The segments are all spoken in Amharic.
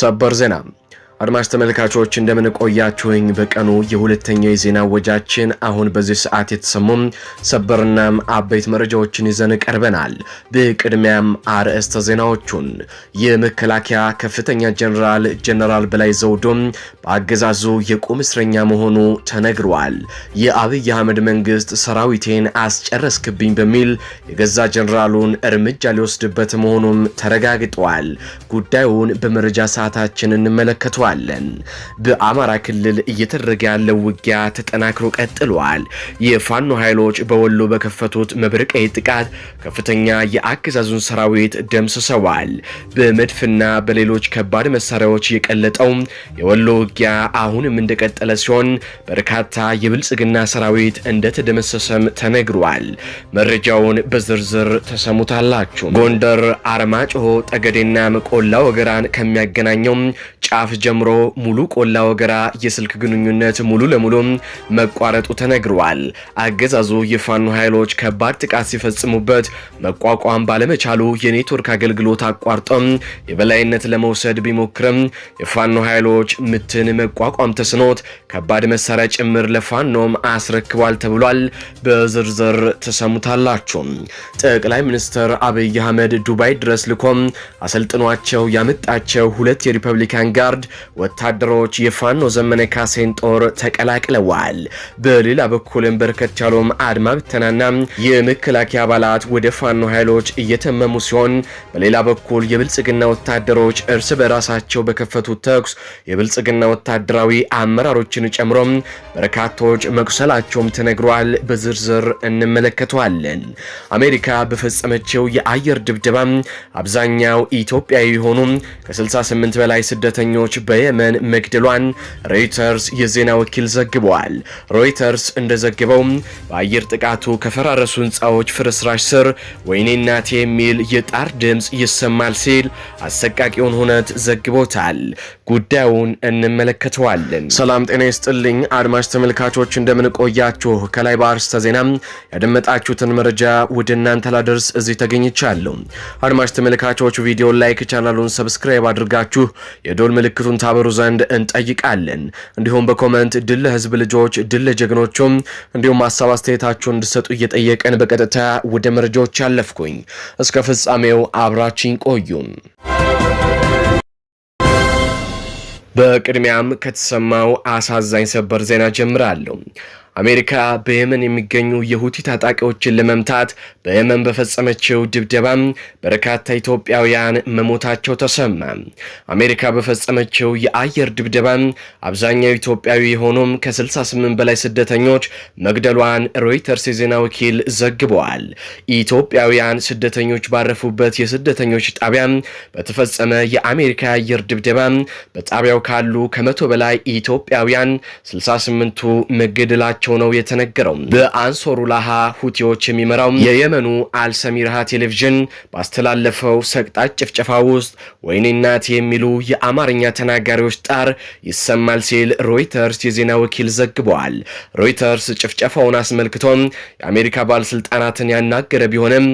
ሰበር ዜና አድማጭ ተመልካቾች እንደምንቆያችሁኝ በቀኑ የሁለተኛው የዜና ወጃችን አሁን በዚህ ሰዓት የተሰሙም ሰበርናም አበይት መረጃዎችን ይዘን ቀርበናል። በቅድሚያም አርዕስተ ዜናዎቹን የመከላከያ ከፍተኛ ጀነራል ጀነራል በላይ ዘውዶ በአገዛዙ የቁም እስረኛ መሆኑ ተነግሯል። የአብይ አህመድ መንግስት ሰራዊቴን አስጨረስክብኝ በሚል የገዛ ጀነራሉን እርምጃ ሊወስድበት መሆኑም ተረጋግጧል። ጉዳዩን በመረጃ ሰዓታችን እንመለከተዋል። እንሰማለን። በአማራ ክልል እየተደረገ ያለው ውጊያ ተጠናክሮ ቀጥሏል። የፋኖ ኃይሎች በወሎ በከፈቱት መብረቃዊ ጥቃት ከፍተኛ የአገዛዙን ሰራዊት ደምስሰዋል። በመድፍና በሌሎች ከባድ መሳሪያዎች የቀለጠው የወሎ ውጊያ አሁንም እንደቀጠለ ሲሆን በርካታ የብልጽግና ሰራዊት እንደተደመሰሰም ተነግሯል። መረጃውን በዝርዝር ተሰሙታላችሁ። ጎንደር አርማጭሆ፣ ጠገዴና መቆላ ወገራን ከሚያገናኘው ጫፍ ጀምሮ ሙሉ ቆላ ወገራ የስልክ ግንኙነት ሙሉ ለሙሉ መቋረጡ ተነግሯል። አገዛዙ የፋኖ ኃይሎች ከባድ ጥቃት ሲፈጽሙበት መቋቋም ባለመቻሉ የኔትወርክ አገልግሎት አቋርጦም የበላይነት ለመውሰድ ቢሞክርም የፋኖ ኃይሎች ምትን መቋቋም ተስኖት ከባድ መሳሪያ ጭምር ለፋኖም አስረክቧል ተብሏል። በዝርዝር ተሰሙታላችሁ። ጠቅላይ ሚኒስትር አብይ አህመድ ዱባይ ድረስ ልኮም አሰልጥኗቸው ያመጣቸው ሁለት የሪፐብሊካን ጋርድ ወታደሮች የፋኖ ዘመነ ካሴን ጦር ተቀላቅለዋል። በሌላ በኩልም በርከት ያሉም አድማ ብተናና የመከላከያ አባላት ወደ ፋኖ ኃይሎች እየተመሙ ሲሆን፣ በሌላ በኩል የብልጽግና ወታደሮች እርስ በራሳቸው በከፈቱት ተኩስ የብልጽግና ወታደራዊ አመራሮችን ጨምሮም በርካቶች መቁሰላቸውም ተነግሯል። በዝርዝር እንመለከተዋለን። አሜሪካ በፈጸመችው የአየር ድብደባ አብዛኛው ኢትዮጵያዊ የሆኑ ከ68 በላይ ስደተኞች በ በየመን መግደሏን ሮይተርስ የዜና ወኪል ዘግበዋል። ሮይተርስ እንደዘገበው በአየር ጥቃቱ ከፈራረሱ ህንፃዎች ፍርስራሽ ስር ወይኔ እናቴ የሚል የጣር ድምፅ ይሰማል ሲል አሰቃቂውን ሁነት ዘግቦታል። ጉዳዩን እንመለከተዋለን። ሰላም ጤና ይስጥልኝ አድማጭ ተመልካቾች፣ እንደምንቆያችሁ ከላይ በአርስተ ዜና ያደመጣችሁትን መረጃ ወደ እናንተ ላደርስ እዚህ ተገኝቻለሁ። አድማጭ ተመልካቾች ቪዲዮ ላይክ፣ ቻናሉን ሰብስክራይብ አድርጋችሁ የዶል ምልክቱን ታበሩ ዘንድ እንጠይቃለን። እንዲሁም በኮመንት ድል ህዝብ ልጆች፣ ድል ለጀግኖቹም እንዲሁም ሀሳብ አስተያየታችሁ እንድሰጡ እየጠየቀን በቀጥታ ወደ መረጃዎች ያለፍኩኝ። እስከ ፍጻሜው አብራችኝ ቆዩም። በቅድሚያም ከተሰማው አሳዛኝ ሰበር ዜና ጀምራለሁ። አሜሪካ በየመን የሚገኙ የሁቲ ታጣቂዎችን ለመምታት በየመን በፈጸመችው ድብደባ በርካታ ኢትዮጵያውያን መሞታቸው ተሰማ። አሜሪካ በፈጸመችው የአየር ድብደባ አብዛኛው ኢትዮጵያዊ የሆኑም ከ68 በላይ ስደተኞች መግደሏን ሮይተርስ የዜና ወኪል ዘግበዋል። ኢትዮጵያውያን ስደተኞች ባረፉበት የስደተኞች ጣቢያ በተፈጸመ የአሜሪካ የአየር ድብደባ በጣቢያው ካሉ ከመቶ በላይ ኢትዮጵያውያን 68ቱ መገደላቸው መሆናቸው ነው የተነገረው። በአንሶሩላሃ ሁቲዎች የሚመራው የየመኑ አልሰሚርሃ ቴሌቪዥን ባስተላለፈው ሰቅጣጭ ጭፍጨፋ ውስጥ ወይኔ የሚሉ የአማርኛ ተናጋሪዎች ጣር ይሰማል ሲል ሮይተርስ የዜና ወኪል ዘግበዋል። ሮይተርስ ጭፍጨፋውን አስመልክቶም የአሜሪካ ባለስልጣናትን ያናገረ ቢሆንም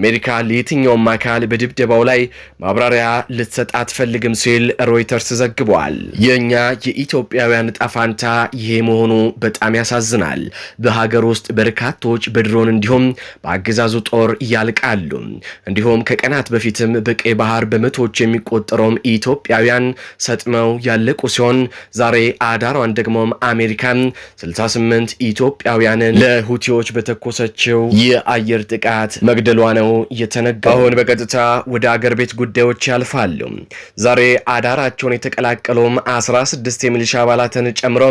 አሜሪካ ለየትኛውም አካል በድብደባው ላይ ማብራሪያ ልትሰጥ አትፈልግም ሲል ሮይተርስ ዘግበዋል። የእኛ የኢትዮጵያውያን ጣፋንታ ይሄ መሆኑ በጣም ያሳዝናል። ያሳዝናል። በሀገር ውስጥ በርካቶች በድሮን እንዲሁም በአገዛዙ ጦር ያልቃሉ። እንዲሁም ከቀናት በፊትም በቀይ ባህር በመቶዎች የሚቆጠረውም ኢትዮጵያውያን ሰጥመው ያለቁ ሲሆን ዛሬ አዳሯን ደግሞም አሜሪካን 68 ኢትዮጵያውያንን ለሁቲዎች በተኮሰችው የአየር ጥቃት መግደሏ ነው የተነገረው። አሁን በቀጥታ ወደ አገር ቤት ጉዳዮች ያልፋሉ። ዛሬ አዳራቸውን የተቀላቀሉም 16 የሚሊሻ አባላትን ጨምሮ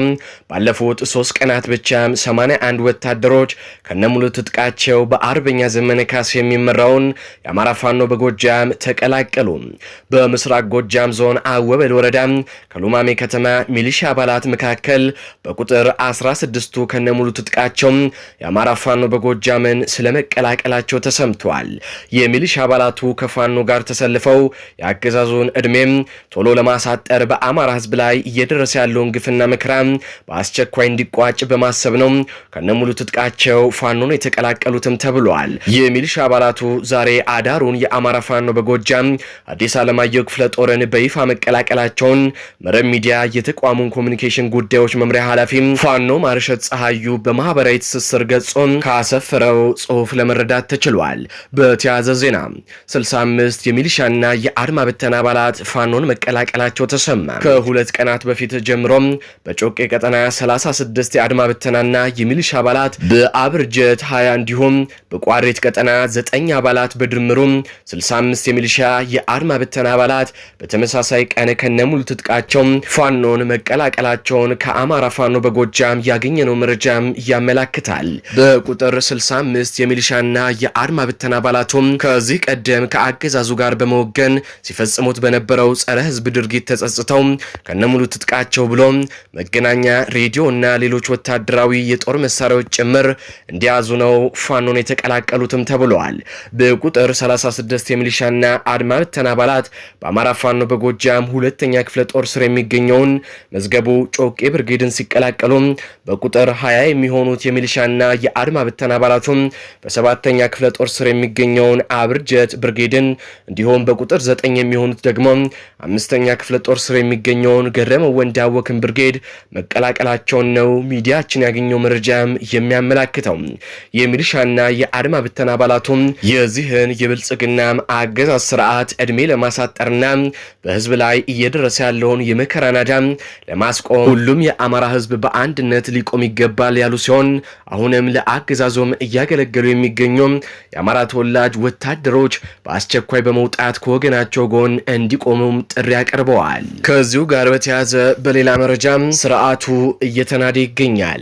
ባለፉት ሶስት ቀናት ብቻ በመጨረሻም 81 ወታደሮች ከነሙሉ ትጥቃቸው በአርበኛ ዘመነ ካሴ የሚመራውን የአማራ ፋኖ በጎጃም ተቀላቀሉ። በምስራቅ ጎጃም ዞን አወበል ወረዳ ከሉማሜ ከተማ ሚሊሻ አባላት መካከል በቁጥር 16ቱ ከነሙሉ ትጥቃቸው የአማራ ፋኖ በጎጃምን ስለመቀላቀላቸው ተሰምቷል። የሚሊሻ አባላቱ ከፋኖ ጋር ተሰልፈው የአገዛዙን ዕድሜም ቶሎ ለማሳጠር በአማራ ሕዝብ ላይ እየደረሰ ያለውን ግፍና መከራ በአስቸኳይ እንዲቋጭ በማሰብ በማሰብ ነው ከነሙሉ ትጥቃቸው ፋኖን የተቀላቀሉትም ተብሏል። የሚሊሻ አባላቱ ዛሬ አዳሩን የአማራ ፋኖ በጎጃም አዲስ አለማየሁ ክፍለ ጦርን በይፋ መቀላቀላቸውን መረብ ሚዲያ የተቋሙን ኮሚኒኬሽን ጉዳዮች መምሪያ ኃላፊ ፋኖ ማርሸት ፀሐዩ በማህበራዊ ትስስር ገጾን ካሰፈረው ጽሁፍ ለመረዳት ተችሏል። በተያያዘ ዜና 65 የሚሊሻና የአድማ ብተና አባላት ፋኖን መቀላቀላቸው ተሰማ። ከሁለት ቀናት በፊት ጀምሮም በጮቄ ቀጠና 36 የአድማ ብተና ቀጠናና የሚሊሻ አባላት በአብርጀት 20 እንዲሁም በቋሬት ቀጠና 9 አባላት በድምሩም 65 የሚሊሻ የአድማ ብተና አባላት በተመሳሳይ ቀን ከነሙሉ ትጥቃቸው ፋኖን መቀላቀላቸውን ከአማራ ፋኖ በጎጃም ያገኘነው መረጃም ያመላክታል። በቁጥር 65 የሚሊሻና የአድማ ብተና አባላቱም ከዚህ ቀደም ከአገዛዙ ጋር በመወገን ሲፈጽሙት በነበረው ጸረ ህዝብ ድርጊት ተጸጽተው ከነሙሉ ትጥቃቸው ብሎ መገናኛ እና ሌሎች ወታደራዊ ዘመናዊ የጦር መሳሪያዎች ጭምር እንዲያዙ ነው ፋኖን የተቀላቀሉትም ተብለዋል። በቁጥር 36 የሚሊሻና አድማ ብተና አባላት በአማራ ፋኖ በጎጃም ሁለተኛ ክፍለ ጦር ስር የሚገኘውን መዝገቡ ጮቄ ብርጌድን ሲቀላቀሉም በቁጥር 20 የሚሆኑት የሚሊሻና የአድማ ብተና አባላቱም በሰባተኛ ክፍለ ጦር ስር የሚገኘውን አብርጀት ብርጌድን እንዲሁም በቁጥር 9 የሚሆኑት ደግሞ አምስተኛ ክፍለ ጦር ስር የሚገኘውን ገረመ ወንዳወክን ብርጌድ መቀላቀላቸውን ነው ሚዲያችን ያገኘው መረጃም የሚያመላክተው የሚሊሻና የአድማ ብተና አባላቱም የዚህን የብልጽግና አገዛዝ ስርዓት እድሜ ለማሳጠርና በህዝብ ላይ እየደረሰ ያለውን የመከራ ናዳ ለማስቆም ሁሉም የአማራ ህዝብ በአንድነት ሊቆም ይገባል ያሉ ሲሆን አሁንም ለአገዛዞም እያገለገሉ የሚገኙ የአማራ ተወላጅ ወታደሮች በአስቸኳይ በመውጣት ከወገናቸው ጎን እንዲቆሙም ጥሪ አቅርበዋል። ከዚሁ ጋር በተያያዘ በሌላ መረጃም ስርዓቱ እየተናደ ይገኛል።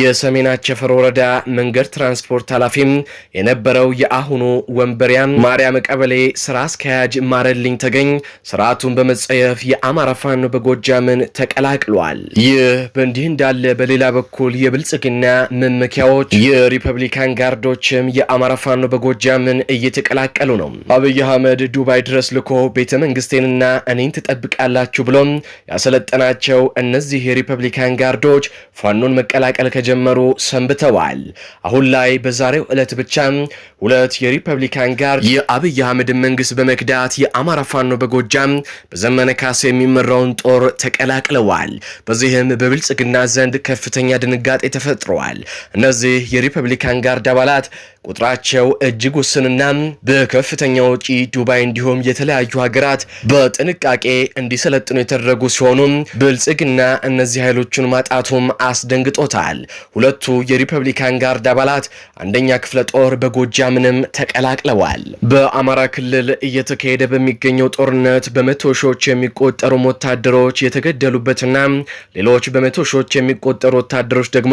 የሰሜን አቸፈር ወረዳ መንገድ ትራንስፖርት ኃላፊም የነበረው የአሁኑ ወንበሪያን ማርያም ቀበሌ ስራ አስኪያጅ ማረልኝ ተገኝ ስርዓቱን በመጸየፍ የአማራ ፋኖ በጎጃምን ተቀላቅሏል። ይህ በእንዲህ እንዳለ በሌላ በኩል የብልጽግና መመኪያዎች የሪፐብሊካን ጋርዶችም የአማራ ፋኖ በጎጃምን እየተቀላቀሉ ነው። አብይ አህመድ ዱባይ ድረስ ልኮ ቤተ መንግስቴንና እኔን ትጠብቃላችሁ ብሎም ያሰለጠናቸው እነዚህ የሪፐብሊካን ጋርዶች ፋኖን መቀላቀል ከጀመሩ ሰንብተዋል። አሁን ላይ በዛሬው ዕለት ብቻ ሁለት የሪፐብሊካን ጋር የአብይ አህመድ መንግስት በመክዳት የአማራ ፋኖ በጎጃም በዘመነ ካሴ የሚመራውን ጦር ተቀላቅለዋል። በዚህም በብልጽግና ዘንድ ከፍተኛ ድንጋጤ ተፈጥረዋል። እነዚህ የሪፐብሊካን ጋርድ አባላት ቁጥራቸው እጅግ ውስንና በከፍተኛ ወጪ ዱባይ እንዲሁም የተለያዩ ሀገራት በጥንቃቄ እንዲሰለጥኑ የተደረጉ ሲሆኑ ብልጽግና እነዚህ ኃይሎቹን ማጣቱም አስደንግጦታል። ሁለቱ የሪፐብሊካን ጋርድ አባላት አንደኛ ክፍለ ጦር በጎጃምንም ተቀላቅለዋል። በአማራ ክልል እየተካሄደ በሚገኘው ጦርነት በመቶ ሺዎች የሚቆጠሩ ወታደሮች የተገደሉበትና ሌሎች በመቶ ሺዎች የሚቆጠሩ ወታደሮች ደግሞ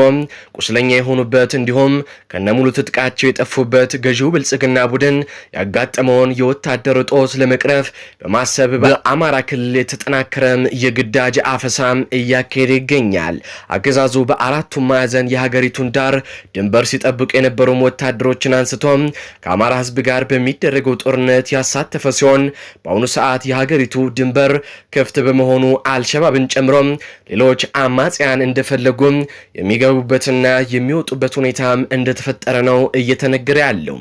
ቁስለኛ የሆኑበት እንዲሁም ከነሙሉ ትጥቃቸው የጠፉበት ገዢው ብልጽግና ቡድን ያጋጠመውን የወታደር ጦስ ለመቅረፍ በማሰብ በአማራ ክልል የተጠናከረም የግዳጅ አፈሳም እያካሄደ ይገኛል። አገዛዙ በአራቱም ማዕዘን የሀገሪቱን ዳር ድንበር ሲጠብቁ የነበሩም ወታደሮችን አንስቶም ከአማራ ሕዝብ ጋር በሚደረገው ጦርነት ያሳተፈ ሲሆን በአሁኑ ሰዓት የሀገሪቱ ድንበር ክፍት በመሆኑ አልሸባብን ጨምሮም ሌሎች አማጽያን እንደፈለጉም የሚገቡበትና የሚወጡበት ሁኔታም እንደተፈጠረ ነው እየተ እየተነገረ ያለው።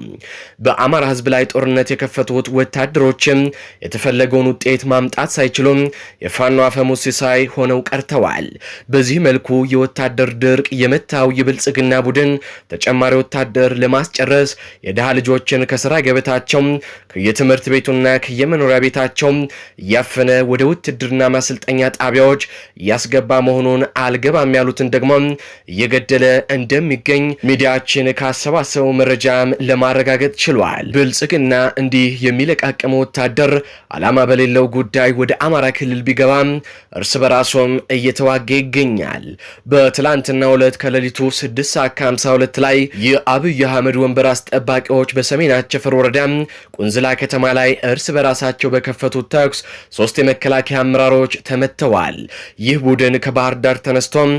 በአማራ ህዝብ ላይ ጦርነት የከፈቱት ወታደሮችም የተፈለገውን ውጤት ማምጣት ሳይችሉም የፋኖ አፈሙዝ ሲሳይ ሆነው ቀርተዋል። በዚህ መልኩ የወታደር ድርቅ የመታው የብልጽግና ቡድን ተጨማሪ ወታደር ለማስጨረስ የድሃ ልጆችን ከስራ ገበታቸው ከየትምህርት ቤቱና ከየመኖሪያ ቤታቸው እያፈነ ወደ ውትድርና ማሰልጠኛ ጣቢያዎች እያስገባ መሆኑን አልገባም ያሉትን ደግሞ እየገደለ እንደሚገኝ ሚዲያችን ካሰባሰበው መረጃ መረጃም ለማረጋገጥ ችሏል። ብልጽግና እንዲህ የሚለቃቀመ ወታደር ዓላማ በሌለው ጉዳይ ወደ አማራ ክልል ቢገባም እርስ በራሱም እየተዋጋ ይገኛል። በትላንትና ሁለት ከሌሊቱ 6 ሰዓት ከ52 ላይ የአብይ አህመድ ወንበር አስጠባቂዎች በሰሜን አቸፈር ወረዳ ቁንዝላ ከተማ ላይ እርስ በራሳቸው በከፈቱት ተኩስ ሶስት የመከላከያ አመራሮች ተመተዋል። ይህ ቡድን ከባህር ዳር ተነስቶም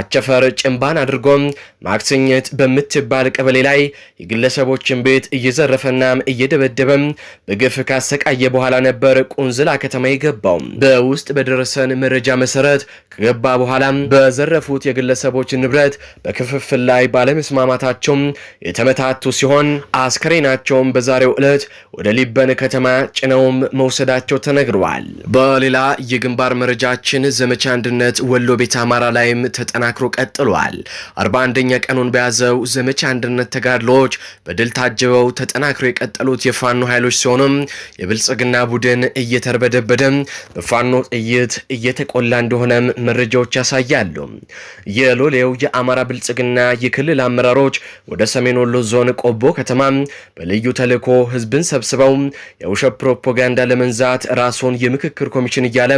አቸፈር ጭንባን አድርጎም ማክሰኘት በምትባል ቀበሌ ላይ የግለሰቦችን ቤት እየዘረፈና እየደበደበም በግፍ ካሰቃየ በኋላ ነበር ቁንዝላ ከተማ የገባው። በውስጥ በደረሰን መረጃ መሰረት ከገባ በኋላም በዘረፉት የግለሰቦች ንብረት በክፍፍል ላይ ባለመስማማታቸውም የተመታቱ ሲሆን አስከሬናቸውም በዛሬው ዕለት ወደ ሊበን ከተማ ጭነውም መውሰዳቸው ተነግረዋል። በሌላ የግንባር መረጃችን ዘመቻ አንድነት ወሎ ቤት አማራ ላይም ተጠናክሮ ቀጥሏል። አርባ አንደኛ ቀኑን በያዘው ዘመቻ አንድነት ተጋድሎች በድል ታጅበው ተጠናክረው የቀጠሉት የፋኖ ኃይሎች ሲሆኑም የብልጽግና ቡድን እየተርበደበደም በፋኖ ጥይት እየተቆላ እንደሆነም መረጃዎች ያሳያሉ። የሎሌው የአማራ ብልጽግና የክልል አመራሮች ወደ ሰሜን ወሎ ዞን ቆቦ ከተማ በልዩ ተልዕኮ ህዝብን ሰብስበው የውሸት ፕሮፓጋንዳ ለመንዛት ራሱን የምክክር ኮሚሽን እያለ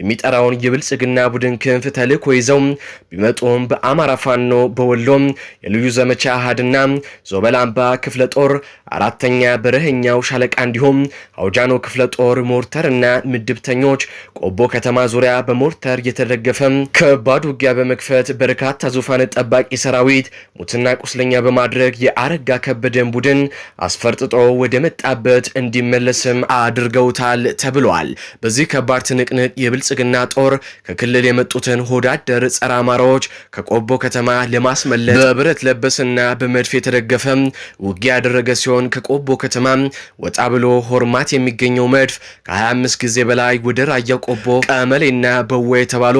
የሚጠራውን የብልጽግና ቡድን ክንፍ ተልዕኮ ይዘው ቢመጡም በአማራ ፋኖ በወሎ የልዩ ዘመቻ አሃድና ዞባ ዶበላምባ ክፍለ ጦር አራተኛ በረህኛው ሻለቃ እንዲሁም አውጃኖ ክፍለ ጦር ሞርተርና ምድብተኞች ቆቦ ከተማ ዙሪያ በሞርተር የተደገፈ ከባድ ውጊያ በመክፈት በርካታ ዙፋን ጠባቂ ሰራዊት ሙትና ቁስለኛ በማድረግ የአረጋ ከበደን ቡድን አስፈርጥጦ ወደ መጣበት እንዲመለስም አድርገውታል ተብሏል። በዚህ ከባድ ትንቅንቅ የብልጽግና ጦር ከክልል የመጡትን ሆዳደር ጸረ አማራዎች ከቆቦ ከተማ ለማስመለስ በብረት ለበስና በመድፍ የተደገፈ ውጊያ ያደረገ ሲሆን ከቆቦ ከተማ ወጣ ብሎ ሆርማት የሚገኘው መድፍ ከ25 ጊዜ በላይ ወደ ራያ ቆቦ ቀመሌና በዋ የተባሉ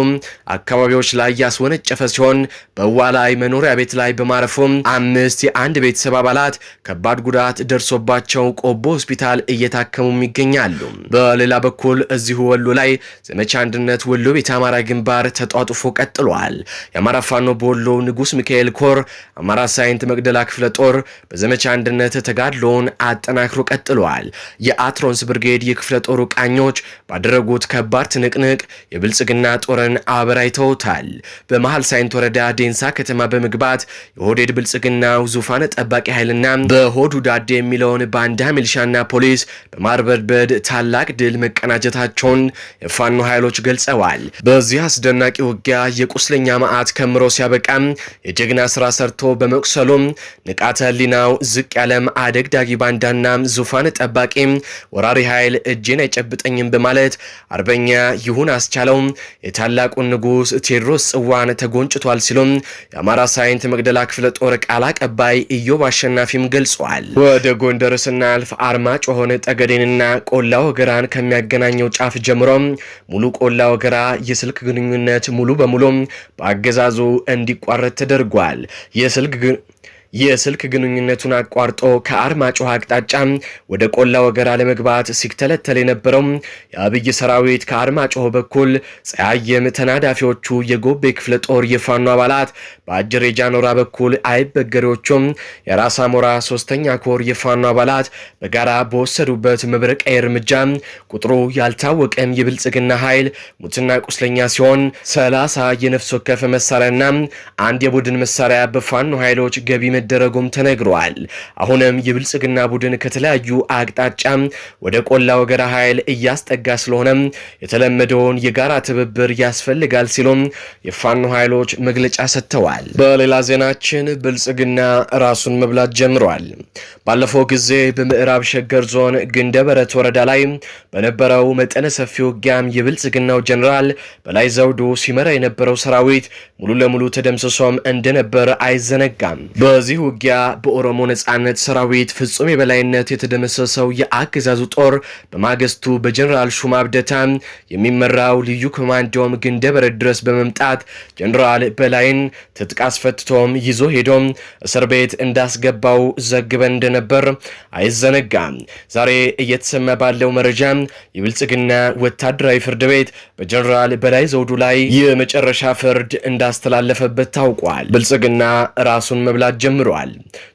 አካባቢዎች ላይ ያስወነጨፈ ሲሆን በዋ ላይ መኖሪያ ቤት ላይ በማረፉ አምስት የአንድ ቤተሰብ አባላት ከባድ ጉዳት ደርሶባቸው ቆቦ ሆስፒታል እየታከሙም ይገኛሉ። በሌላ በኩል እዚሁ ወሎ ላይ ዘመቻ አንድነት ወሎ ቤተ አማራ ግንባር ተጧጡፎ ቀጥሏል። የአማራ ፋኖ በወሎ ንጉስ ሚካኤል ኮር አማራ ሳይንት መቅደላ ክፍለ ጦር በዘመቻ አንድነት ተጋድሎውን አጠናክሮ ቀጥሏል። የአትሮንስ ብርጌድ የክፍለ ጦሩ ቃኞች ባደረጉት ከባድ ትንቅንቅ የብልጽግና ጦርን አበራይተውታል። በመሃል ሳይንት ወረዳ ዴንሳ ከተማ በመግባት የሆዴድ ብልጽግና ዙፋን ጠባቂ ኃይልና በሆዱ ዳዴ የሚለውን ባንዳ ሚሊሻና ፖሊስ በማርበድበድ ታላቅ ድል መቀናጀታቸውን የፋኖ ኃይሎች ገልጸዋል። በዚህ አስደናቂ ውጊያ የቁስለኛ ማዕት ከምሮ ሲያበቃም የጀግና ስራ ሰርቶ በመቁሰሉም ንቃተ ህሊናው ዝቅ ያለም አደግዳጊ ባንዳና ዙፋን ጠባቂም ወራሪ ኃይል እጄን አይጨብጠኝም በማለት አርበኛ ይሁን አስቻለው የታላቁን ንጉስ ቴዎድሮስ ጽዋን ተጎንጭቷል ሲሉም የአማራ ሳይንት መቅደላ ክፍለ ጦር ቃል አቀባይ ኢዮብ አሸናፊም ገልጿል። ወደ ጎንደር ስናልፍ አርማጭ ጠገዴንና ቆላ ወገራን ከሚያገናኘው ጫፍ ጀምሮ፣ ሙሉ ቆላ ወገራ የስልክ ግንኙነት ሙሉ በሙሉ በአገዛዙ እንዲቋረጥ ተደርጓል። የስልክ የስልክ ግንኙነቱን አቋርጦ ከአርማጭሆ አቅጣጫ ወደ ቆላ ወገራ ለመግባት ሲተለተል የነበረው የአብይ ሰራዊት ከአርማጭሆ በኩል ፀያየም ተናዳፊዎቹ የጎቤ ክፍለ ጦር የፋኖ አባላት በአጅር የጃኖራ በኩል አይበገሬዎቹም የራስ አሞራ ሶስተኛ ኮር የፋኖ አባላት በጋራ በወሰዱበት መብረቃዊ እርምጃ ቁጥሩ ያልታወቀም የብልጽግና ኃይል ሙትና ቁስለኛ ሲሆን ሰላሳ የነፍስ ወከፍ መሳሪያና አንድ የቡድን መሳሪያ በፋኖ ኃይሎች ገቢ መደረጉም ተነግሯል። አሁንም የብልጽግና ቡድን ከተለያዩ አቅጣጫ ወደ ቆላ ወገራ ኃይል እያስጠጋ ስለሆነም የተለመደውን የጋራ ትብብር ያስፈልጋል ሲሉም የፋኖ ኃይሎች መግለጫ ሰጥተዋል። በሌላ ዜናችን ብልጽግና ራሱን መብላት ጀምሯል። ባለፈው ጊዜ በምዕራብ ሸገር ዞን ግንደበረት ወረዳ ላይ በነበረው መጠነ ሰፊ ውጊያም የብልጽግናው ጀኔራል በላይ ዘውዱ ሲመራ የነበረው ሰራዊት ሙሉ ለሙሉ ተደምስሶም እንደነበር አይዘነጋም። በዚህ ውጊያ በኦሮሞ ነጻነት ሰራዊት ፍጹም የበላይነት የተደመሰሰው የአገዛዙ ጦር በማግስቱ በጀኔራል ሹማ አብደታ የሚመራው ልዩ ኮማንዶም ግንደበረድ ድረስ በመምጣት ጀኔራል በላይን ትጥቅ አስፈትቶም ይዞ ሄዶም እስር ቤት እንዳስገባው ዘግበን እንደነበር አይዘነጋም። ዛሬ እየተሰማ ባለው መረጃ የብልጽግና ወታደራዊ ፍርድ ቤት በጀኔራል በላይ ዘውዱ ላይ የመጨረሻ ፍርድ እንዳስተላለፈበት ታውቋል። ብልጽግና ራሱን መብላት ጀምሯል። ጀምረዋል።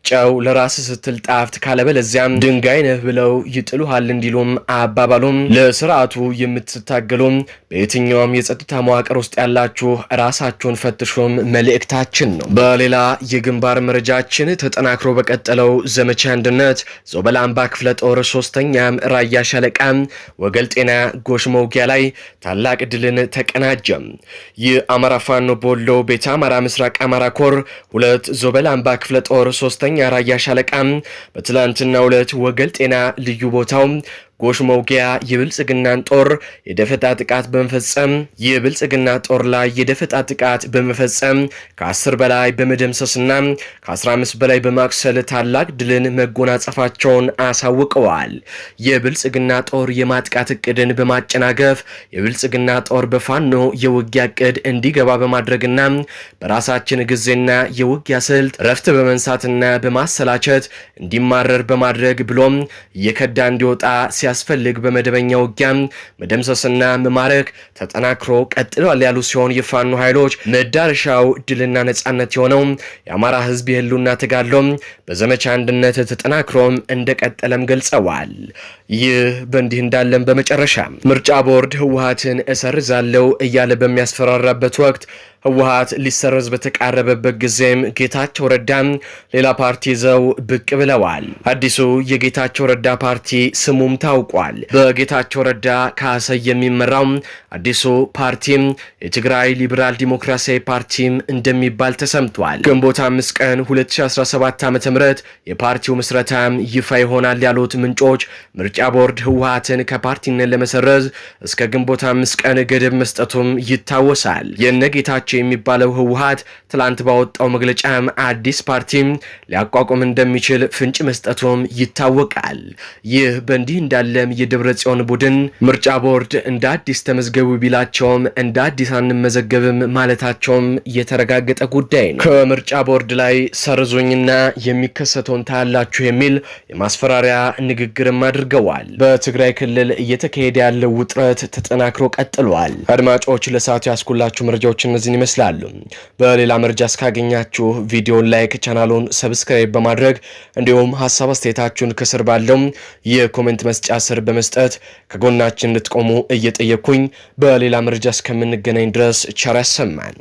ጨው ለራስ ስትል ጣፍት ካለበለዚያም ድንጋይ ነህ ብለው ይጥሉሃል እንዲሉም አባባሉም ለስርዓቱ የምትታገሉም በየትኛውም የጸጥታ መዋቅር ውስጥ ያላችሁ ራሳችሁን ፈትሾም መልእክታችን ነው። በሌላ የግንባር መረጃችን ተጠናክሮ በቀጠለው ዘመቻ አንድነት ዞበላምባ ክፍለ ጦር ሶስተኛም ራያ ሻለቃ ወገል ጤና ጎሽ መውጊያ ላይ ታላቅ ድልን ተቀናጀ። የአማራ ፋኖ ቦሎ ቤተ አማራ ምስራቅ አማራ ኮር ሁለት ዞበላምባ ክፍለ ክፍለ ጦር ሶስተኛ ራያ ሻለቃ በትላንትና ሁለት ወገል ጤና ልዩ ቦታው ጎሽ መውጊያ የብልጽግናን ጦር የደፈጣ ጥቃት በመፈጸም የብልጽግና ጦር ላይ የደፈጣ ጥቃት በመፈጸም ከ10 በላይ በመደምሰስና ከ15 በላይ በማቁሰል ታላቅ ድልን መጎናጸፋቸውን አሳውቀዋል። የብልጽግና ጦር የማጥቃት እቅድን በማጨናገፍ የብልጽግና ጦር በፋኖ የውጊያ እቅድ እንዲገባ በማድረግና በራሳችን ጊዜና የውጊያ ስልት ረፍት በመንሳትና በማሰላቸት እንዲማረር በማድረግ ብሎም እየከዳ እንዲወጣ ሲያ ሲያስፈልግ በመደበኛ ውጊያ መደምሰስና መማረክ ተጠናክሮ ቀጥሏል ያሉ ሲሆን የፋኖ ኃይሎች መዳረሻው ድልና ነጻነት የሆነው የአማራ ህዝብ የህልውና ተጋድሎ በዘመቻ አንድነት ተጠናክሮም እንደቀጠለም ገልጸዋል። ይህ በእንዲህ እንዳለም በመጨረሻ ምርጫ ቦርድ ህወሀትን እሰርዛለው እያለ በሚያስፈራራበት ወቅት ህወሀት ሊሰረዝ በተቃረበበት ጊዜም ጌታቸው ረዳም ሌላ ፓርቲ ይዘው ብቅ ብለዋል። አዲሱ የጌታቸው ረዳ ፓርቲ ስሙም ታውቋል። በጌታቸው ረዳ ካሰይ የሚመራው አዲሱ ፓርቲም የትግራይ ሊበራል ዲሞክራሲያዊ ፓርቲም እንደሚባል ተሰምቷል። ግንቦት አምስት ቀን 2017 ዓ ም የፓርቲው ምስረታም ይፋ ይሆናል ያሉት ምንጮች ምርጫ ቦርድ ህወሀትን ከፓርቲነት ለመሰረዝ እስከ ግንቦት አምስት ቀን ገደብ መስጠቱም ይታወሳል። የነጌታቸው ናቸው የሚባለው ህወሀት ትላንት ባወጣው መግለጫም አዲስ ፓርቲም ሊያቋቁም እንደሚችል ፍንጭ መስጠቱም ይታወቃል። ይህ በእንዲህ እንዳለም የደብረ ጽዮን ቡድን ምርጫ ቦርድ እንደ አዲስ ተመዝገቡ ቢላቸውም እንደ አዲስ አንመዘገብም ማለታቸውም የተረጋገጠ ጉዳይ ነው። ከምርጫ ቦርድ ላይ ሰርዙኝና የሚከሰተውን ታያላችሁ የሚል የማስፈራሪያ ንግግርም አድርገዋል። በትግራይ ክልል እየተካሄደ ያለው ውጥረት ተጠናክሮ ቀጥሏል። አድማጮች ለሰዓቱ ያስኩላችሁ መረጃዎች እነዚህን ይመስላሉ። በሌላ መረጃ እስካገኛችሁ ቪዲዮን ላይክ፣ ቻናሉን ሰብስክራይብ በማድረግ እንዲሁም ሀሳብ አስተያየታችሁን ከስር ባለው የኮሜንት መስጫ ስር በመስጠት ከጎናችን ልትቆሙ እየጠየኩኝ በሌላ መረጃ እስከምንገናኝ ድረስ ቸር ያሰማን።